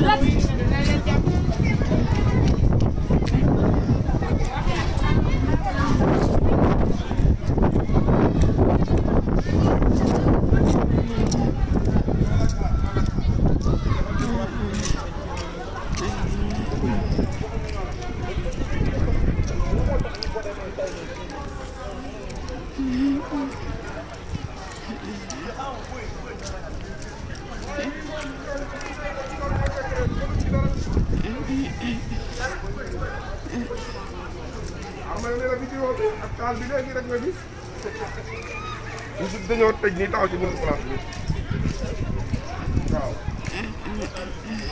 la amay ne la bi ci wax ak taal bi léegi rek nga gis ñu dañoo tëj nii taxaw ci buntu place bi waaw